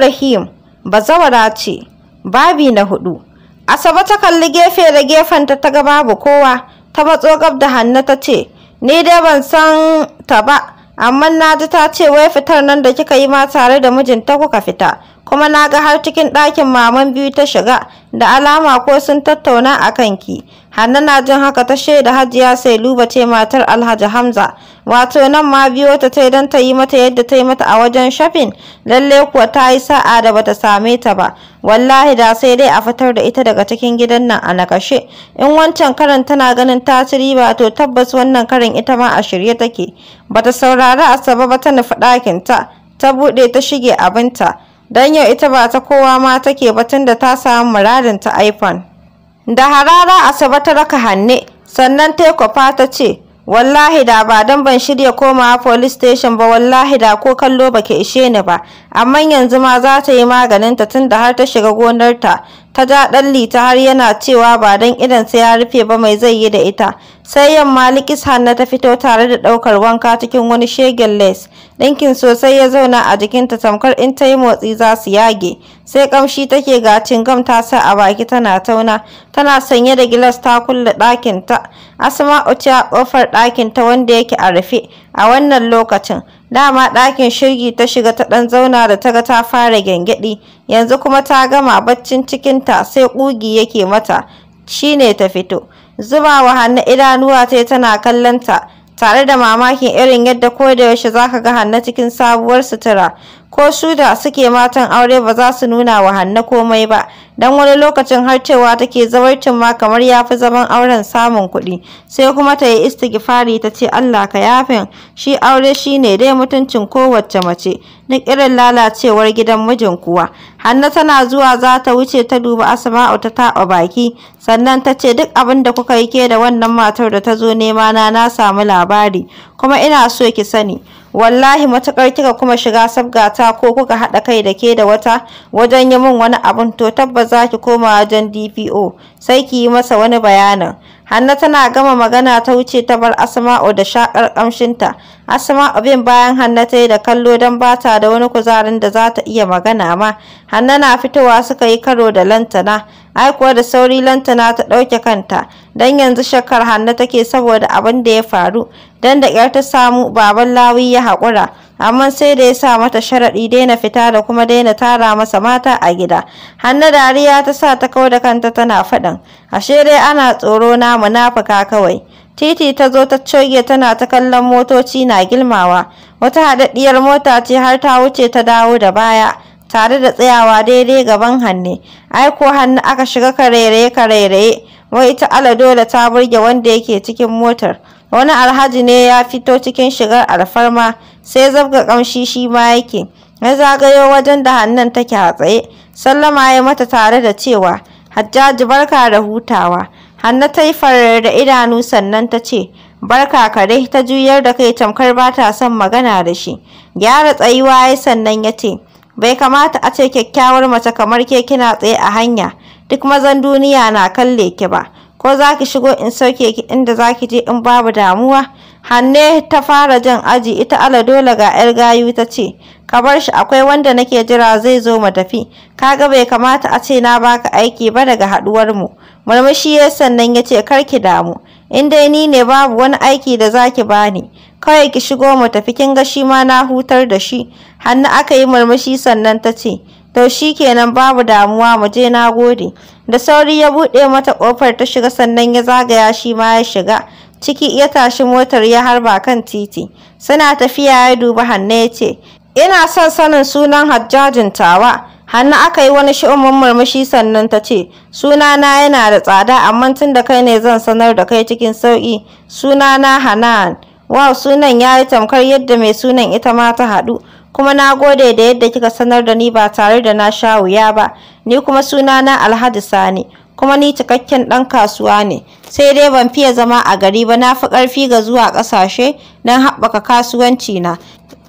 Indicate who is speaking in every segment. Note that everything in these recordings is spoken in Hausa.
Speaker 1: rahim Bazawara ce. Babi na hudu. Asabe ta kalli gefe da gefen ta ta ga babu kowa. Ta matso gab da hannu ta ce, Ni dai ban san ta ba, amma na ji ta ce wai fitar nan da kika yi ma tare da mijinta kuka fita. kuma na ga har cikin ɗakin maman biyu ta shiga da alama ko sun tattauna a kanki hanna na jin haka ta shaida hajiya sai luba ce matar alhaji hamza wato nan ma biyo ta ta don ta yi mata yadda ta yi mata a wajen shafin lalle kuwa ta yi sa'a da bata same ta ba wallahi da sai dai a fitar da ita daga cikin gidan nan a nakashe in wancan karan tana ganin tasiri ci to tabbas wannan karin ita ma a shirye take bata saurari asabe ba ta nufi ɗakinta ta buɗe ta shige abinta don yau ita ba ta kowa ma take ba tunda ta samu muradin ta iphone da harara asabe ta raka hanne sannan ta kwafa ta ce wallahi da ba don ban shirya komawa police station ba wallahi da ko kallo baki ishe ni ba amma yanzu ma za ta yi maganinta tunda har ta shiga gonarta ta ja ɗan lita har yana cewa ba don idansa ya rufe ba mai zai yi da ita sai yamma likis hanna ta fito tare da ɗaukar wanka cikin wani shegen les ɗinkin sosai ya zauna a jikinta tamkar in ta yi motsi za su yage sai ƙamshi take ga gam ta sa a baki tana tauna tana sanye da gilas ta kulle ɗakinta asma'u ta ƙofar ɗakinta wanda yake a rufe a wannan lokacin dama ɗakin shirgi ta shiga ta ɗan zauna da ta ga ta fara gyangyaɗi yanzu kuma ta gama baccin cikinta sai ƙugi yake mata shi ne ta fito zuba wa hannu idanuwa ta tana kallon tare da mamakin irin yadda ko da yaushe za ka ga hannu cikin sabuwar sutura ko su da suke matan aure ba za su nuna wa Hanna komai ba dan wani lokacin har cewa take zawarcin ma kamar ya fi zaman auren samun kuɗi sai kuma ta yi istighfari ta ce Allah ka yafin shi aure shi ne dai mutuncin kowace mace duk irin lalacewar gidan mijin kuwa Hanna tana zuwa za ta wuce ta duba Asma'u ta taɓa baki sannan ta ce duk abin da kuka yi ke da wannan matar da ta zo nema na na samu labari kuma ina so ki sani wallahi matukar kika kuma shiga sabgata ko kuka haɗa kai da ke da wata wajen yi min wani abun to tabbas za ki koma wajen DPO sai ki yi masa wani bayanin Hanna tana gama magana ta wuce ta bar Asma'u da shakar kamshinta. Asma'u bin bayan Hanna ta yi da kallo don ba ta da wani kuzarin da za ta iya magana ma. Hanna na fitowa suka yi karo da lantana. ai kuwa da sauri lantana ta ɗauke kanta don yanzu shakar hannu take saboda abin da ya faru don da ƙyar ta samu baban lawi ya haƙura amma sai da ya sa mata sharaɗi daina fita da kuma daina tara masa mata a gida hannu dariya ta sa ta kau da kanta tana faɗin ashe dai ana tsoro na munafuka kawai titi ta zo ta coge tana ta kallon motoci na girmawa wata haɗaɗɗiyar mota ce har ta wuce ta dawo da baya tare da tsayawa daidai gaban hanne ai ko hannu aka shiga karairaye karairaye wai ita ala dole ta burge wanda yake cikin motar wani alhaji ne ya fito cikin shigar alfarma sai zabga kamshi shi ma yake Na zagayo wajen da hannun take a tsaye sallama ya mata tare da cewa hajjaji barka da hutawa hanna ta yi farar da idanu sannan ta ce barka kare ta juyar da kai tamkar ba ta son magana da shi gyara tsayuwa ya sannan ya ce bai kamata a ce kyakkyawar mace kamar ke kina tsaye a hanya duk mazan duniya na kalle ki ba ko za ki shigo in sauke ki inda za ki je in babu damuwa hanne ta fara jan aji ita ala dole ga yar gayu ta ce ka bar shi akwai wanda nake jira zai zo mu tafi kaga bai kamata a ce na baka aiki ba daga haduwar mu murmushi ya sannan ya ce kar ki damu in dai ni ne babu wani aiki da zaki bani kawai ki shigo mu tafi kin ga shi ma na hutar da shi hannu aka yi murmushi sannan ta ce to kenan babu damuwa mu je na gode da sauri ya buɗe mata ƙofar ta shiga sannan ya zagaya shi ma ya shiga ciki ya tashi motar ya harba kan titi suna tafiya ya duba, hannu ya ce ina son sanin sunan hajjajin tawa Hanna aka yi wani sha'umin murmushi sannan ta ce, Suna na yana da tsada, amma tun da kai ne zan sanar da kai cikin sauƙi. Sunana Hanan. Wow, sunan ya yi tamkar yadda mai sunan ita ma ta haɗu. Kuma na gode da yadda kika sanar da ni ba tare da na sha wuya ba. Ni kuma sunana Alhaji Sani. Kuma ni cikakken ɗan kasuwa ne. Sai dai ban fiye zama a gari ba, na fi ƙarfi ga zuwa ƙasashe don haɓaka kasuwanci na.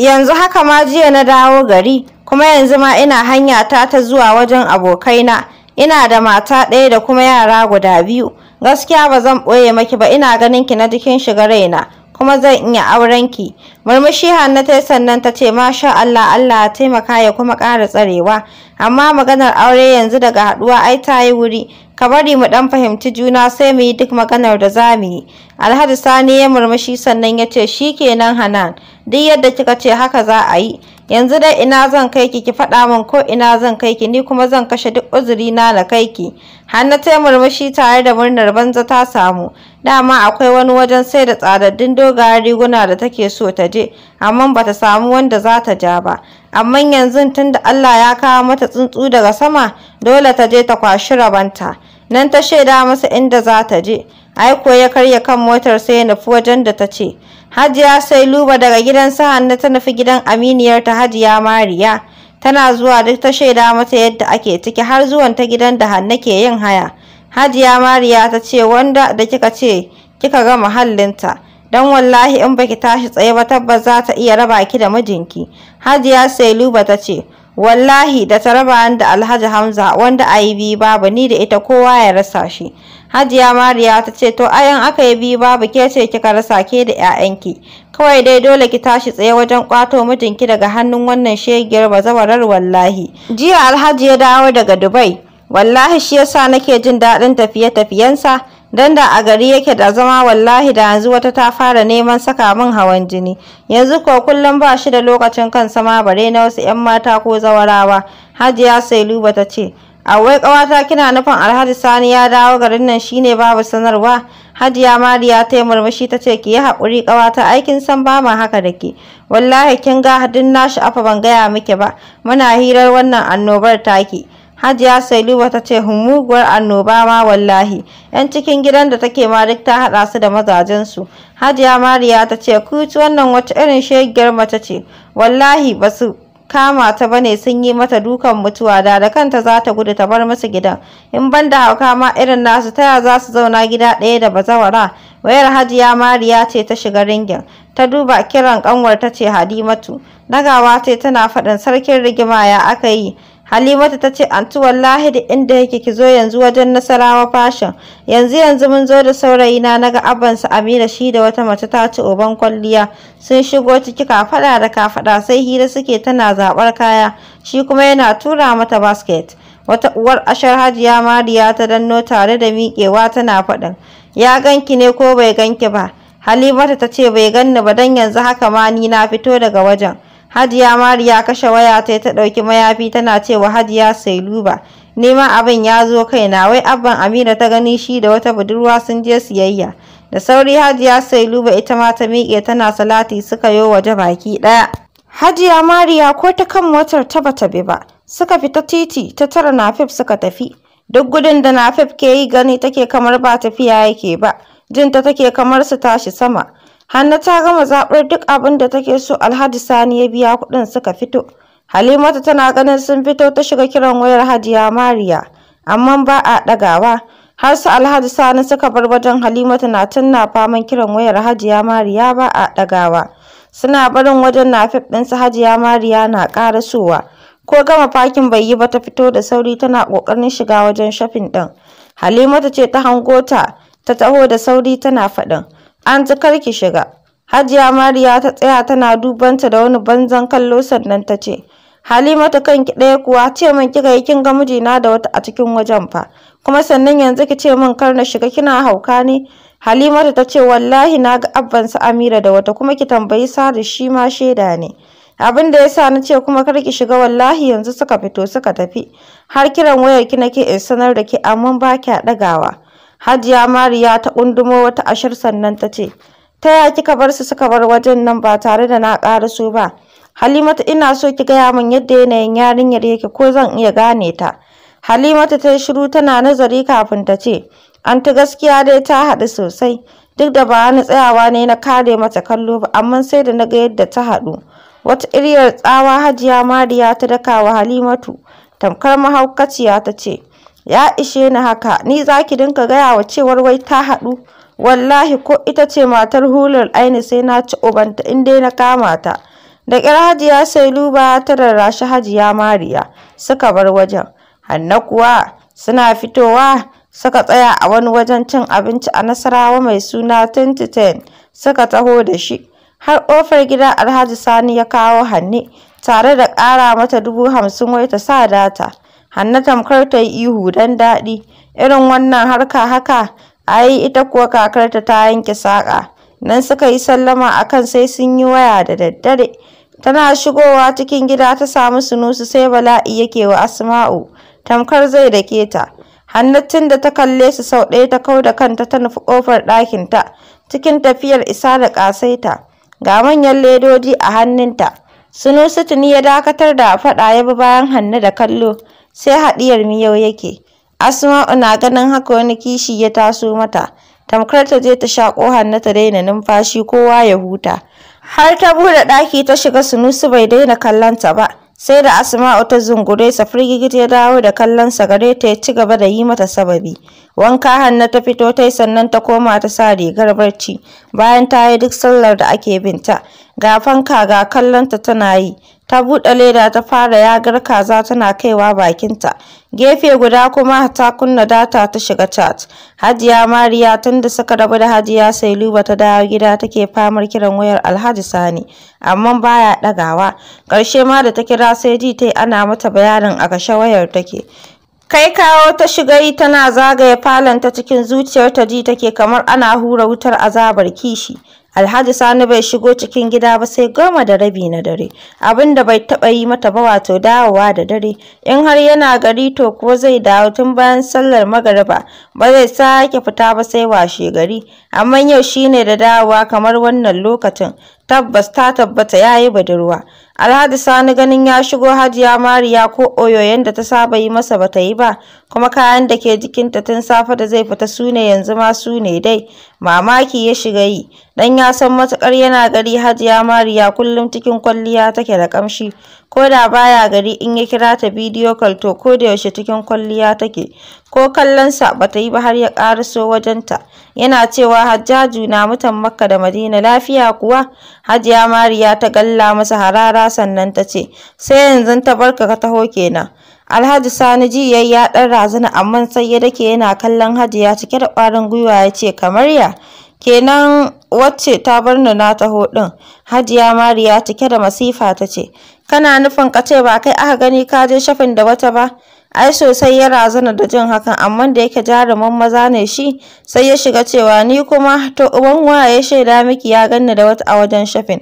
Speaker 1: yanzu haka ma jiya na dawo gari kuma yanzu ma ina hanya ta ta zuwa wajen abokaina ina da mata ɗaya da kuma yara guda biyu gaskiya ba zan ɓoye maki ba ina ganin ki na jikin shiga raina kuma zan iya auren ki murmushi hanna ta sannan ta ce masha Allah Allah ya taimaka ya kuma ƙara tsarewa amma maganar aure yanzu daga haɗuwa ai ta yi wuri ka bari mu dan fahimci juna sai mu yi duk maganar da za mu yi alhaji sani ya murmushi sannan ya ce shi kenan hanan duk yadda kika ce haka za a yi yanzu dai ina zan kai ki ki faɗa min ko ina zan kai ki ni kuma zan kashe duk uzuri na na kai ki hanna ta murmushi tare da murnar banza ta samu dama akwai wani wajen sai da tsadaddun dogayen riguna da take so ta je amma bata samu wanda za ta ja ba amma yanzu tun da Allah ya kawo mata tsuntsu daga sama dole ta je ta kwashi rabanta nan ta shaida masa inda za ta je ai aiko ya karya kan motar sai ya nufi wajen da ta ce hajiya sai luba daga gidan sa hannu ta nufi gidan aminiyar ta hajiya mariya tana zuwa duk ta shaida mata yadda ake ciki har zuwan ta gidan da hannu ke yin haya Hajiya Mariya ta ce wanda da kika ce kika ga muhallinta dan wallahi in baki tashi tsaye ba tabbas za ta iya raba ki da mijinki. Hajiya Sailuba ta ce wallahi da ta raba da Alhaji Hamza wanda a yi biyu babu ni da ita kowa ya rasa shi. Hajiya Mariya ta ce to ayan aka yi biyu babu ke ce kika rasa ke da 'ya'yanki. Kawai dai dole ki tashi tsaye wajen kwato mijinki daga hannun wannan shegiyar bazawarar wallahi. Jiya Alhaji ya dawo daga Dubai. wallahi shi yasa nake jin daɗin tafiye-tafiyensa don da a gari yake da zama wallahi da yanzu wata ta fara neman saka min hawan jini yanzu ko kullum ba shi da lokacin kansa ma bare na wasu 'yan mata ko zawarawa hajiya sailu ta ce Awai ƙawata kina nufin Alhaji Sani ya dawo garin nan shine babu sanarwa. Hajiya Mariya ta yi murmushi ta ce ki yi haƙuri ƙawata aikin san ba ma haka da ke. Wallahi kin ga hadin nashi afa ban gaya miki ba. Muna hirar wannan annobar taki. Hajiya sailu ta ce muguwar annoba ma wallahi. ‘Yan cikin gidan da take ma ta haɗa su da mazajensu. Hajiya Mariya ta ce kuci wannan wata irin shegiyar mace ce. Wallahi ba su kama ta bane sun yi mata dukan mutuwa da da kanta za ta gudu ta bar musu gidan. In ban da hauka ma irin nasu taya za su zauna gida ɗaya da bazawara. Wayar Hajiya Mariya ce ta shiga ringin. Ta duba kiran ƙanwar ta ce Hadimatu. Nagawa ce tana faɗin sarkin rigima ya aka yi. Halimatu ta ce an wallahi da inda yake ki zo yanzu wajen Nasarawa fashin. Yanzu yanzu mun zo da saurayi saurayina naga abansa Amira shi da wata mace ta ci uban kwalliya sun shigo ciki kafada da kafada sai hira suke tana zabar kaya shi kuma yana tura mata basket. Wata uwar ashar Hajiya Mariya ta danno tare da miƙewa tana faɗin ya ganki ne ko bai ganki ba. Halimatu ta ce bai ganni ba dan yanzu haka ma ni na fito daga wajen. Hajiya Mariya kashe waya ta ta ɗauki mayafi tana cewa Hajiya Luba. Nima abin ya zo kai na wai abban Amira ta gani shi da wata budurwa sun je siyayya da sauri Hajiya Luba ita ma ta miƙe tana salati suka yo waje baki ɗaya Hajiya Mariya ko ta kan motar ta bata bi ba suka fita titi ta tara Nafif suka tafi duk gudun da Nafif ke yi gani take kamar ba tafiya yake ba jinta take kamar su tashi sama Hanna ta gama zaɓar duk abin da take so Alhaji Sani ya biya kuɗin suka fito. Halimatu tana ganin sun fito ta shiga kiran wayar Hajiya Mariya, amma ba a ɗagawa. Har su Alhaji Sani suka bar wajen Halimatu na tunna faman kiran wayar Hajiya Mariya ba a ɗagawa. Suna barin wajen nafif ɗinsu Hajiya Mariya na ƙarasowa. Ko gama fakin bai yi ba ta fito da sauri tana ƙoƙarin shiga wajen shafin ɗin. Halimatu ce ta hangota ta taho da sauri tana faɗin. ji kar ki shiga hajiya mariya ta tsaya tana dubanta da wani banzan kallo sannan ta ce halimatu kanki ɗaya kuwa ce min kika yi kin ga mijina da wata a cikin wajen fa kuma sannan yanzu ki ce min kar na shiga kina hauka ne halimatu ta ce wallahi na ga abban su amira da wata kuma ki tambayi Sadi shi ma shaida ne abin da ya sa na ce kuma kar ki shiga wallahi yanzu suka fito suka tafi har kiran wayar ki nake in sanar da ki amma ba kya ɗagawa Hajiya Mariya ta ƙundumo wata ashir sannan ta ce, Ta ya kika bar su suka bar wajen nan ba tare da na ƙara su ba? Halimatu ina so ki gaya min yadda yanayin yarinyar yake ko zan iya gane ta. Halimatu ta shiru tana nazari kafin ta ce, An ta gaskiya dai ta haɗu sosai, duk da ba ni tsayawa ne na kare mata kallo ba, amma sai da na ga yadda ta haɗu. Wata iriyar tsawa Hajiya Mariya ta daka wa Halimatu, tamkar mahaukaciya ta ce, ya ishe ni haka ni zaki dinka gaya wa cewar wai ta haɗu wallahi ko ita ce matar hular aini sai na ci ubanta in dai na kama ta da ƙyar hajiya sai luba ta rarrashi hajiya mariya suka bar wajen hanna kuwa suna fitowa suka tsaya a wani wajen cin abinci a nasarawa mai suna 2010 suka taho da shi har ƙofar gida alhaji sani ya kawo hanne tare da ƙara mata dubu hamsin wai ta sa data Hanna tamkar ta yi ihu dan daɗi. Irin wannan harka haka, ai ita kuwa kakarta ta yanke saƙa. Nan suka yi sallama a kan sai sun yi waya da daddare. Tana shigowa cikin gida ta samu Sunusu sai bala'i yake wa Asma'u, tamkar zai dake ta. Hannatin da ta kalle su sau ɗaya ta kau da kanta ta nufi ƙofar ɗakinta, cikin tafiyar isa da ƙasaita. Ga manyan ledoji a hannunta. Sunusu tuni ya dakatar da faɗa ya bi bayan Hannu da kallo. sai haɗiyar miyau yake asma'u na ganin haka wani kishi ya taso mata tamkar ta je ta sha ƙohan na ta daina numfashi kowa ya huta har ta buɗe ɗaki ta shiga sunusu bai daina kallonta ba sai da asma'u ta zungure sa firgigit ya dawo da kallonsa gare ta ya ci gaba da yi mata sababi Wanka Hanna ta fito ta yi sannan ta koma ta sa rigar barci bayan ta yi duk sallar da ake binta. Ga fanka ga kallonta tana yi. Ta buɗe leda ta fara yagar kaza tana kaiwa bakinta. Gefe guda kuma ta kunna data ta shiga chat. Hajiya Mariya tun suka rabu da Hajiya sai Luba ta dawo gida take famar kiran wayar Alhaji Sani, amma baya ɗagawa. Ƙarshe ma da ta kira sai ji tai ana mata bayanin a kashe wayar take. kai kawo ta shiga yi tana zagaye falonta cikin zuciyarta ji take kamar ana hura wutar azabar kishi Alhaji Sani bai shigo cikin gida ba sai goma da rabi na dare, abin da bai taba yi mata ba wato dawowa da dare, in har yana gari to kuwa zai dawo tun bayan sallar magariba, ba zai sake fita ba sai washe gari, amma yau shine da dawowa kamar wannan lokacin, tabbas ta tabbata yayi yi budurwa. Alhaji Sani ganin ya shigo Hajiya Mariya ko oyoyen da ta saba yi masa bata yi ba kuma kayan da ke jikinta tun safe da zai fita su ne yanzu ma su ne dai mamaki ya shiga yi dan ya san matukar yana gari hajiya mariya kullum cikin kwalliya take da kamshi ko da baya gari in ya kira ta bidiyo kal to ko da yaushe cikin kwalliya take ko kallonsa ba ta yi ba har ya ƙaraso wajenta yana cewa hajjaju na mutan makka da madina lafiya kuwa hajiya mariya ta galla masa harara sannan ta ce sai yanzu ta barka ka taho kenan Alhaji Sani ji yayi ya dan razana amma sai ya dake yana kallon Hajiya cike da ƙwarin gwiwa ya ce kamar ya kenan wacce ta bar ni na taho din Hajiya Mariya cike da masifa ta ce kana nufin ka ba kai aka gani ka je shafin da wata ba ai sosai ya razana da jin hakan amma da yake jaruman maza ne shi sai ya shiga cewa ni kuma to uban waye ya shaida miki ya ganni da wata a wajen shafin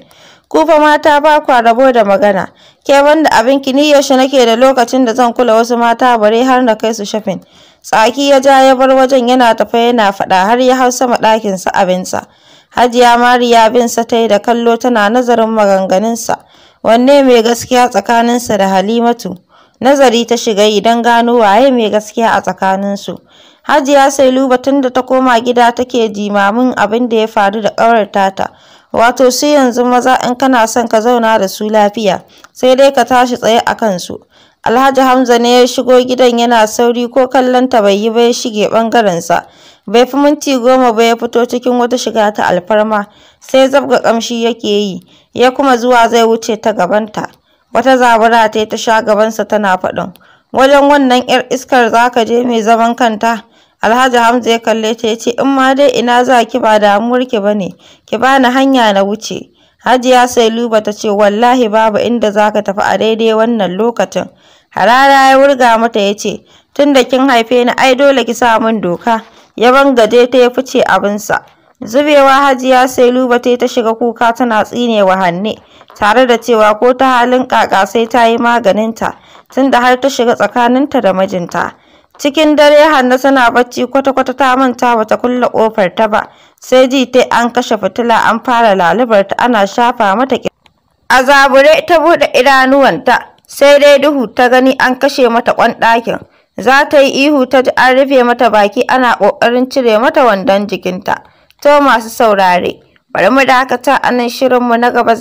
Speaker 1: Ku fa mata ba kwa rabo da magana. Ke wanda abin ki ni yaushe nake da lokacin da zan kula wasu mata bare har na kai su shafin. Tsaki ya ja ya bar wajen yana tafe yana faɗa har ya hau sama ɗakinsa abinsa. Hajiya Mariya bin sa ta da kallo tana nazarin maganganunsa. Wanne mai gaskiya tsakaninsa da Halimatu? Nazari ta shiga idan gano waye mai gaskiya a tsakaninsu. Hajiya Sailuba tun da ta koma gida take jimamin abin da ya faru da ƙawar tata. Wato su yanzu maza in kana son ka zauna da su lafiya, sai dai ka tashi tsaye a kansu. Alhaji Hamza ne ya shigo gidan yana sauri ko kallon ta bai yi ba ya shige ɓangarensa. Bai fi minti goma ba ya fito cikin wata shiga ta alfarma, sai zabga ƙamshi yake yi, ya kuma zuwa zai wuce ta gabanta. Wata zabura ta ta sha gabansa tana faɗin, wajen wannan 'yar iskar za ka je mai zaman kanta. Alhaji Hamza ya kalle ta ya ce, In ma dai ina za ki ba damuwar ki bane ki bani hanya na wuce. Hajiya sailu ta ce, Wallahi babu inda zaka tafi a daidai wannan lokacin. Harara ya wurga mata ya ce, tunda kin haife ni, ai dole ki sa min doka. Ya bangaje ta ya fice abinsa. Zubewa Hajiya sailu ta ta shiga kuka tana tsine wa Hanne, tare da cewa ko ta halin kaka sai ta yi maganinta, tunda har ta shiga tsakaninta da mijinta. cikin dare hanna suna bacci kwata-kwata ta manta bata kulle kofar ta ba sai ji ta an kashe fitila an fara lalubar ta ana shafa mata a zabure ta bude idanuwanta sai dai duhu ta gani an kashe mata kwan ɗakin za ta yi ihu ta ji an rufe mata baki ana ƙoƙarin cire mata wandon jikinta to masu saurare bari mu dakata anan shirinmu na gaba